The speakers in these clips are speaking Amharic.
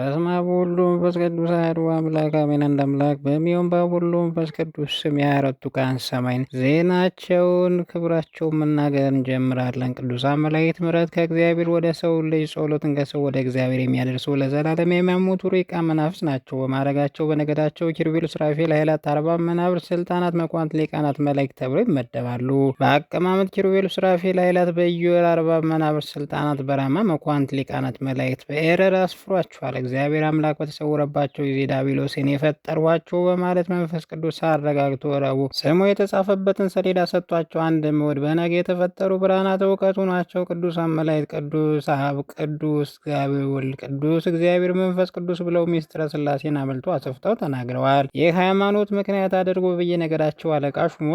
በስመ አብ ወወልድ በመንፈስ ቅዱስ አሐዱ አምላክ አሜን። አንድ አምላክ በሚሆን በአብ በወልድ ቅዱስ ስም የሃያ አራቱ ሰማይን ዜናቸውን ክብራቸውን መናገር እንጀምራለን። ቅዱሳን መላእክት ምሕረት ከእግዚአብሔር ወደ ሰው ልጅ ጸሎትን ከሰው ወደ እግዚአብሔር የሚያደርሱ ለዘላለም የሚያሞቱ ሩቃ መናፍስ ናቸው። በማዕረጋቸው በነገዳቸው ኪሩቤል፣ ሱራፌል፣ ኃይላት፣ አርባ መናብር፣ ስልጣናት፣ መኳንት፣ ሊቃናት መላእክት ተብሎ ይመደባሉ። በአቀማመጥ ኪሩቤል፣ ሱራፌል፣ ኃይላት በኢዮር፣ አርባ መናብር፣ ስልጣናት በራማ፣ መኳንት፣ ሊቃናት መላእክት በኤረር አስፍሯቸዋል። እግዚአብሔር አምላክ በተሰወረ የተሰወረባቸው የዜዳቢሎስን የፈጠሯቸው በማለት መንፈስ ቅዱስ አረጋግቶ ረቡ ስሙ የተጻፈበትን ሰሌዳ ሰጥቷቸው አንድ እሑድ በነገ የተፈጠሩ ብርሃናት እውቀቱ ናቸው። ቅዱሳን መላእክት፣ ቅዱስ አብ፣ ቅዱስ እግዚአብሔር ወልድ፣ ቅዱስ እግዚአብሔር መንፈስ ቅዱስ ብለው ሚስጥረ ስላሴን አብልቶ አሰፍተው ተናግረዋል። ይህ ሃይማኖት ምክንያት አድርጎ በየነገዳቸው አለቃ ሹሞ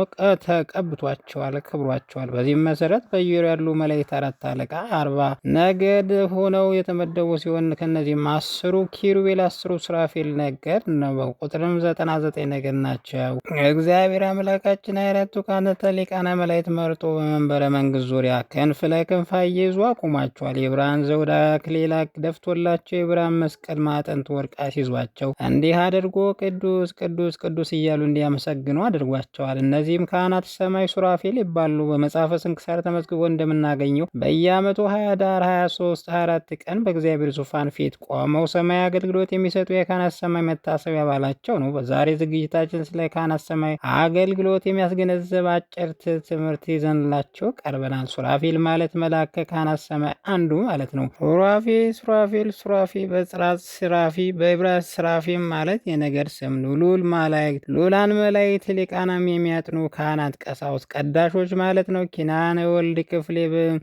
ተቀብቷቸዋል፣ ክብሯቸዋል። በዚህም መሰረት በየሩ ያሉ መላእክት አራት አለቃ አርባ ነገድ ሆነው የተመደቡ ሲሆን ከእነዚህም አስሩ ኪሩቤል አስሩ ሱራፌል ነገድ ነው። ቁጥርም 99 ነገድ ነገር ናቸው። እግዚአብሔር አምላካችን አይረቱ ካነተ ሊቃነ መላእክት መርጦ በመንበረ መንግስት ዙሪያ ክንፍ ለክንፍ አያይዞ አቁሟቸዋል። የብርሃን ዘውድ አክሊል ደፍቶላቸው የብርሃን መስቀል ማዕጠንት ወርቅ አስይዟቸው እንዲህ አድርጎ ቅዱስ ቅዱስ ቅዱስ እያሉ እንዲያመሰግኑ አድርጓቸዋል። እነዚህም ካህናት ሰማይ ሱራፌል ይባሉ። በመጽሐፈ ስንክሳር ተመዝግቦ እንደምናገኘው በየአመቱ ሀያ ዳር 23 24 ቀን በእግዚአብሔር ዙፋን ፊት ቆመው ሰማይ አገልግሎት የሚሰ የሚሰጡ የካህናት ሰማይ መታሰቢያ በዓላቸው ነው። በዛሬ ዝግጅታችን ስለ ካህናት ሰማይ አገልግሎት የሚያስገነዘብ አጭር ትምህርት ይዘንላቸው ቀርበናል። ሱራፌል ማለት መላከ ከካህናት ሰማይ አንዱ ማለት ነው። ሱራፌ ሱራፌል ሱራፊ በጽራት ስራፊ በብራት ስራፊ ማለት የነገድ ስም ነው። ሉል መላእክት ሉላን መላእክት ሊቃናም የሚያጥኑ ካህናት፣ ቀሳውስ፣ ቀዳሾች ማለት ነው። ኪናነ ወልድ ክፍሌ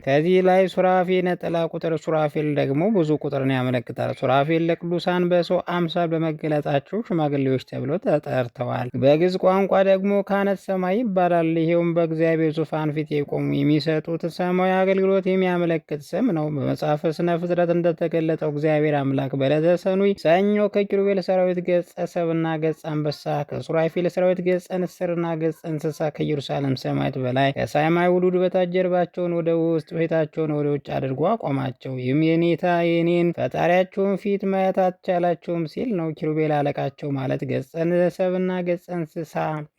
ከዚህ ላይ ሱራፌ ነጠላ ቁጥር ሱራፌል ደግሞ ብዙ ቁጥርን ያመለክታል። ሱራፌል ለቅዱሳን በሰው አምሳል በመገለጣቸው ሽማግሌዎች ተብሎ ተጠርተዋል። በግዕዝ ቋንቋ ደግሞ ካህናተ ሰማይ ይባላል። ይሄውም በእግዚአብሔር ዙፋን ፊት የቆሙ የሚሰጡት ሰማያዊ አገልግሎት የሚያመለክት ስም ነው። በመጽሐፈ ስነ ፍጥረት እንደተገለጠው እግዚአብሔር አምላክ በዕለተ ሰኑይ ሰኞ ከኪሩቤል ሰራዊት ገጸ ሰብና ገጸ አንበሳ ከሱራፊል ሰራዊት ገጸ ንስርና ገጸ እንስሳ ከኢየሩሳሌም ሰማያት በላይ ከሰማይ ውሉድ በታች ጀርባቸውን ወደ ውስጥ ፊታቸውን ወደ ውጭ አድርጎ አቆማቸው። ይህም የኔታ የኔን ፈጣሪያቸውን ፊት ማየት አትቻላቸው አለቃቸውም ሲል ነው። ኪሩቤል አለቃቸው ማለት ገጸ ሰብና ገጸ እንስሳ፣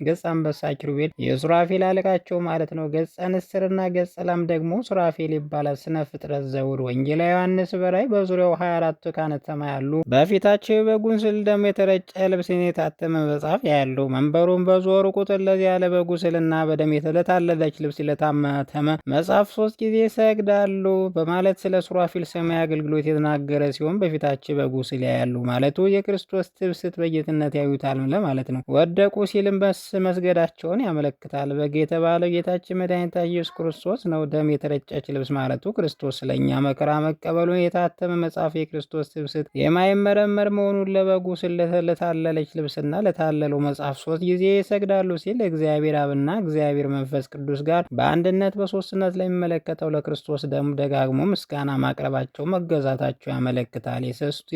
ገጸ አንበሳ ኪሩቤል የሱራፌል አለቃቸው ማለት ነው። ገጸ ንስርና ገጸ ላም ደግሞ ሱራፌል ይባላል። ስነ ፍጥረት ዘውድ ወንጌላ ዮሐንስ በላይ በዙሪያው 24 ካህናተ ሰማይ ያሉ በፊታቸው የበጉን ስል ደም የተረጨ ልብስን የታተመ መጽሐፍ ያሉ መንበሩን በዞሩ ቁጥር ለዚህ ያለ በጉ ስልና በደም የተለታለለች ልብስ ለታተመ መጽሐፍ ሶስት ጊዜ ይሰግዳሉ በማለት ስለ ሱራፌል ሰማይ አገልግሎት የተናገረ ሲሆን በፊታቸው በጉ ስል ያያሉ ማለት ማለቱ የክርስቶስ ትብስት በጌትነት ያዩታል ለማለት ነው። ወደቁ ሲልም በስ መስገዳቸውን ያመለክታል። በግ የተባለው ጌታችን መድኃኒታችን ኢየሱስ ክርስቶስ ነው። ደም የተረጨች ልብስ ማለቱ ክርስቶስ ስለኛ መከራ መቀበሉን የታተመ መጽሐፍ የክርስቶስ ትብስት የማይመረመር መሆኑን ለበጉ ስለታለለች ልብስና ለታለለው መጽሐፍ ሶስት ጊዜ ይሰግዳሉ ሲል እግዚአብሔር አብና እግዚአብሔር መንፈስ ቅዱስ ጋር በአንድነት በሶስትነት ለሚመለከተው ለክርስቶስ ደም ደጋግሞ ምስጋና ማቅረባቸው መገዛታቸው ያመለክታል።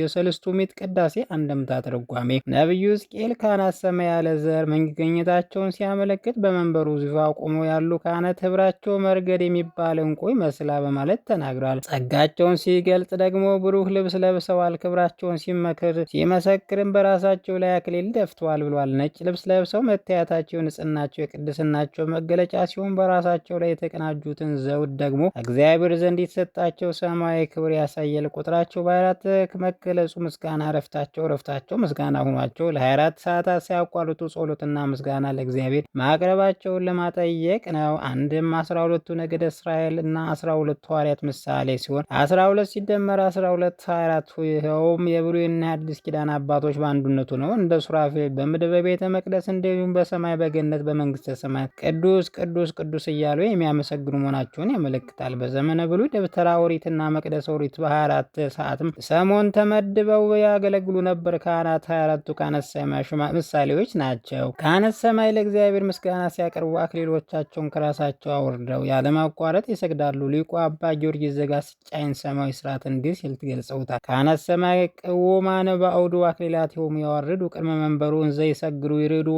የሰልስቱ ቅድ ቅዳሴ አንድምታ ትርጓሜ ነቢዩ ሕዝቅኤል ካህናት ሰማይ ያለ ዘር መገኘታቸውን ሲያመለክት በመንበሩ ዙፋ ቆመው ያሉ ካህናት ህብራቸው መርገድ የሚባል እንቁ ይመስላል በማለት ተናግሯል። ጸጋቸውን ሲገልጽ ደግሞ ብሩህ ልብስ ለብሰዋል። ክብራቸውን ሲመክር ሲመሰክርም በራሳቸው ላይ አክሊል ደፍተዋል ብሏል። ነጭ ልብስ ለብሰው መታየታቸው ንጽህናቸው የቅድስናቸው መገለጫ ሲሆን በራሳቸው ላይ የተቀናጁትን ዘውድ ደግሞ እግዚአብሔር ዘንድ የተሰጣቸው ሰማያዊ ክብር ያሳያል። ቁጥራቸው በአራት መገለጹ ምስጋና ረፍ ረፍታቸው ረፍታቸው ምስጋና ሆኗቸው ለ24 ሰዓታት ሲያቋርጡ ጸሎትና ምስጋና ለእግዚአብሔር ማቅረባቸውን ለማጠየቅ ነው። አንድም 12ቱ ነገደ እስራኤል እና 12ቱ ሐዋርያት ምሳሌ ሲሆን 12 ሲደመር 12 24፣ ይኸውም የብሉይና የአዲስ ኪዳን አባቶች በአንዱነቱ ነው። እንደ ሱራፌል በምድር በቤተ መቅደስ እንዲሁም በሰማይ በገነት በመንግስተ ሰማያት ቅዱስ ቅዱስ ቅዱስ እያሉ የሚያመሰግኑ መሆናቸውን ያመለክታል። በዘመነ ብሉይ ደብተራ ኦሪትና መቅደስ ኦሪት በ24 ሰዓትም ሰሞን ተመድበው ያገለ ያገለግሉ ነበር። ካህናት 24ቱ ካህናት ሰማይ ምሳሌዎች ናቸው። ካህናት ሰማይ ለእግዚአብሔር ምስጋና ሲያቀርቡ አክሊሎቻቸውን ከራሳቸው አውርደው ያለማቋረጥ ይሰግዳሉ። ሊቁ አባ ጊዮርጊስ ዘጋስጫይን ሰማያዊ ስርዓት እንዲህ ሲል ትገልጸውታል። ካህናት ሰማይ ቅዎማነ በአውዱ አክሊላቲሆሙ ያዋርዱ ቅድመ መንበሩ እንዘ ይሰግዱ ይርዱ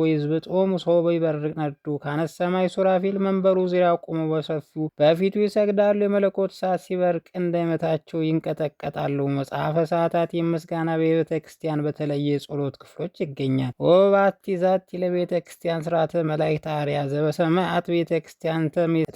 ጾሙ ሶበ ይበርቅ ነዱ። ካህናት ሰማይ ሱራፊል መንበሩ ዙሪያ ቆመው በሰፊው በፊቱ ይሰግዳሉ። የመለኮት ሰዓት ሲበርቅ እንዳይመታቸው ይንቀጠቀጣሉ። መጽሐፈ ሰዓታት የምስጋና በሕይወት ቤተ ክርስቲያን በተለየ የጸሎት ክፍሎች ይገኛል። ወባቲ ዛቲ ለቤተ ክርስቲያን ስርዓተ መላእክት አርያ ዘበሰማያት ቤተ ክርስቲያን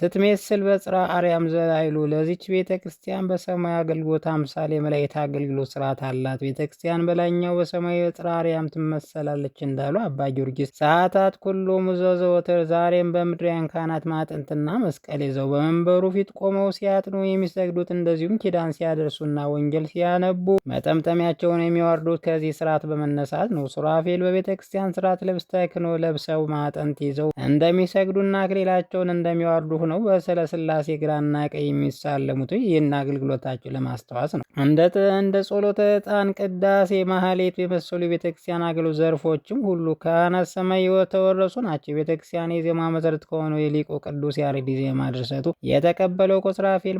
ትትሜስል በጽራ አርያም ዘላይሉ። ለዚች ቤተ ክርስቲያን በሰማይ አገልግሎት አምሳሌ መላእክት አገልግሎት ስርዓት አላት። ቤተ ክርስቲያን በላይኛው በሰማይ በጽራ አርያም ትመሰላለች እንዳሉ አባ ጊዮርጊስ ሰዓታት ኩሎ ሙዞ ዘወትር ዛሬም በምድሪያን ካህናት ማጥንትና መስቀል ይዘው በመንበሩ ፊት ቆመው ሲያጥኑ የሚሰግዱት እንደዚሁም ኪዳን ሲያደርሱና ወንጌል ሲያነቡ መጠምጠሚያቸውን የሚዋር የሚወርዱት ከዚህ ስርዓት በመነሳት ነው። ሱራፌል በቤተ ክርስቲያን ስርዓት ልብስ ተክኖ ለብሰው ማጠንት ይዘው እንደሚሰግዱና አክሊላቸውን እንደሚዋርዱ ሆነው በስዕለ ሥላሴ ግራና ቀይ የሚሳለሙት ይህን አገልግሎታቸው ለማስታወስ ነው። እንደ ጸሎተ ዕጣን፣ ቅዳሴ፣ ማህሌት የመሰሉ የቤተ ክርስቲያን አገልግሎት ዘርፎችም ሁሉ ከካህናተ ሰማይ የተወረሱ ናቸው። የቤተ ክርስቲያን የዜማ መሰረት ከሆነው የሊቁ ቅዱስ ያሬድ ዜማ ድርሰቱ የተቀበለው እኮ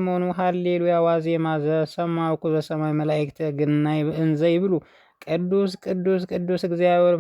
መሆኑ ሀሌሉያ ዋዜማ ዘሰማኩ በሰማይ መላእክተ ግናይ እንዘይ ብሉ ቅዱስ ቅዱስ ቅዱስ እግዚአብሔር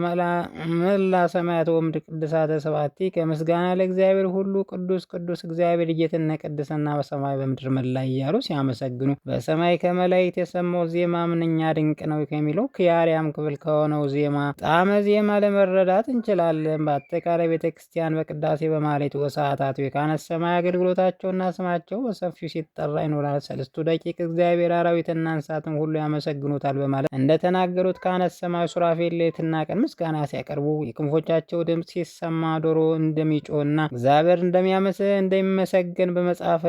መላ ሰማያት ወምድ ቅድሳተ ሰባቲ ከምስጋና ለእግዚአብሔር ሁሉ ቅዱስ ቅዱስ እግዚአብሔር እየትነ ቅድስና በሰማይ በምድር መላ እያሉ ሲያመሰግኑ በሰማይ ከመላእክት የሰማው ዜማ ምንኛ ድንቅ ነው ከሚለው ከያሪያም ክፍል ከሆነው ዜማ ጣመ ዜማ ለመረዳት እንችላለን። በአጠቃላይ ቤተ ክርስቲያን በቅዳሴ በማለት ወሰዓታቱ የካህናተ ሰማይ አገልግሎታቸውና ስማቸው በሰፊው ሲጠራ ይኖራል። ሰልስቱ ደቂቅ እግዚአብሔር አራዊትና እንስሳትን ሁሉ ያመሰግኑታል በማለት እንደተናገሩ የነበሩት ካህናት ሰማይ ሱራፌል ሌትና ቀን ምስጋና ሲያቀርቡ የክንፎቻቸው ድምፅ ሲሰማ ዶሮ እንደሚጮህና እግዚአብሔር እንደሚያመሰ እንደሚመሰገን በመጽሐፈ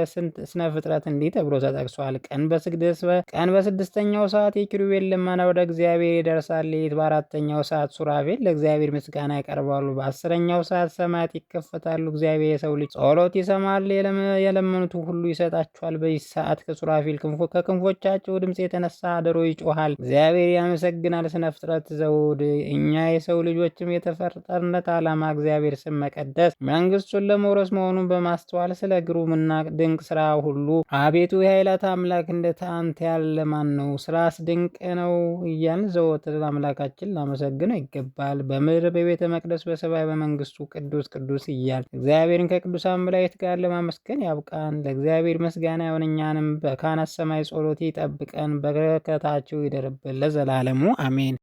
ስነ ፍጥረት እንዲህ ተብሎ ተጠቅሷል። ቀን በስድስተኛው ሰዓት የኪሩቤል ልመና ወደ እግዚአብሔር ይደርሳል። ሌት በአራተኛው ሰዓት ሱራፌል ለእግዚአብሔር ምስጋና ያቀርባሉ። በአስረኛው ሰዓት ሰማያት ይከፈታሉ። እግዚአብሔር የሰው ልጅ ጸሎት ይሰማል፣ የለመኑት ሁሉ ይሰጣቸዋል። በዚህ ሰዓት ከሱራፌል ከክንፎቻቸው ድምፅ የተነሳ ዶሮ ይጮሃል፣ እግዚአብሔር ያመሰግናል። ያደርገናል ስነ ፍጥረት ዘውድ። እኛ የሰው ልጆችም የተፈጠርነት ዓላማ እግዚአብሔር ስም መቀደስ መንግስቱን ለመውረስ መሆኑን በማስተዋል ስለ ግሩምና ድንቅ ስራ ሁሉ አቤቱ የኃይላት አምላክ እንደ ታንተ ያለ ማን ነው? ስራስ ድንቅ ነው እያልን ዘወትር አምላካችን ላመሰግነው ይገባል። በምድር በቤተ መቅደስ በሰማይ በመንግስቱ ቅዱስ ቅዱስ እያል እግዚአብሔርን ከቅዱሳን መላእክት ጋር ለማመስገን ያብቃን። ለእግዚአብሔር ምስጋና ይሁን፣ እኛንም በካህናት ሰማይ ጸሎት ይጠብቀን፣ በረከታቸው ይደርብን ለዘላለሙ I mean,